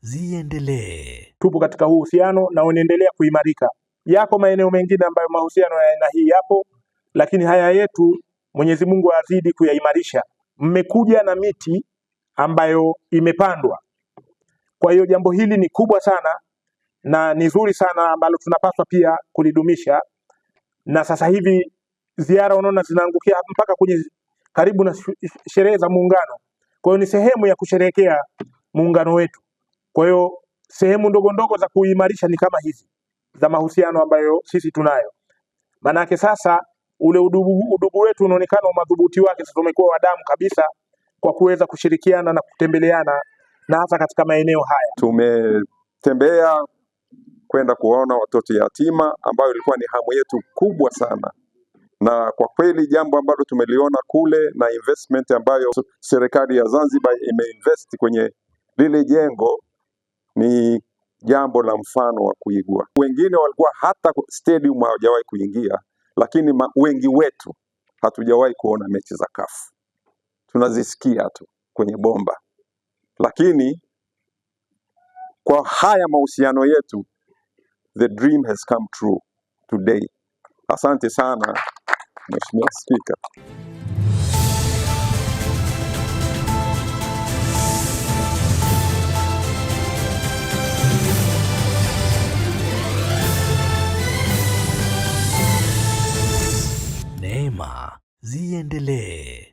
ziendelee. Tupo katika huu uhusiano na unaendelea kuimarika. Yako maeneo mengine ambayo mahusiano ya aina hii yapo, lakini haya yetu Mwenyezi Mungu azidi kuyaimarisha. Mmekuja na miti ambayo imepandwa, kwa hiyo jambo hili ni kubwa sana na ni zuri sana ambalo tunapaswa pia kulidumisha. Na sasa hivi ziara unaona zinaangukia mpaka kwenye karibu na sherehe za Muungano, kwa hiyo ni sehemu ya kusherehekea muungano wetu. Kwa hiyo sehemu ndogo ndogo za kuimarisha ni kama hizi za mahusiano ambayo sisi tunayo, maanake sasa ule udugu, udugu wetu unaonekana madhubuti wake sasa, tumekuwa wadamu kabisa kwa kuweza kushirikiana na kutembeleana na hasa katika maeneo haya tumetembea kwenda kuwaona watoto yatima ambayo ilikuwa ni hamu yetu kubwa sana, na kwa kweli jambo ambalo tumeliona kule na investment ambayo serikali ya Zanzibar imeinvest kwenye lile jengo ni jambo la mfano wa kuigwa. Wengine walikuwa hata stadium hawajawahi kuingia, lakini wengi wetu hatujawahi kuona mechi za kafu, tunazisikia tu kwenye bomba, lakini kwa haya mahusiano yetu the dream has come true today. Asante sana Mheshimiwa Spika. Neema ziendelee.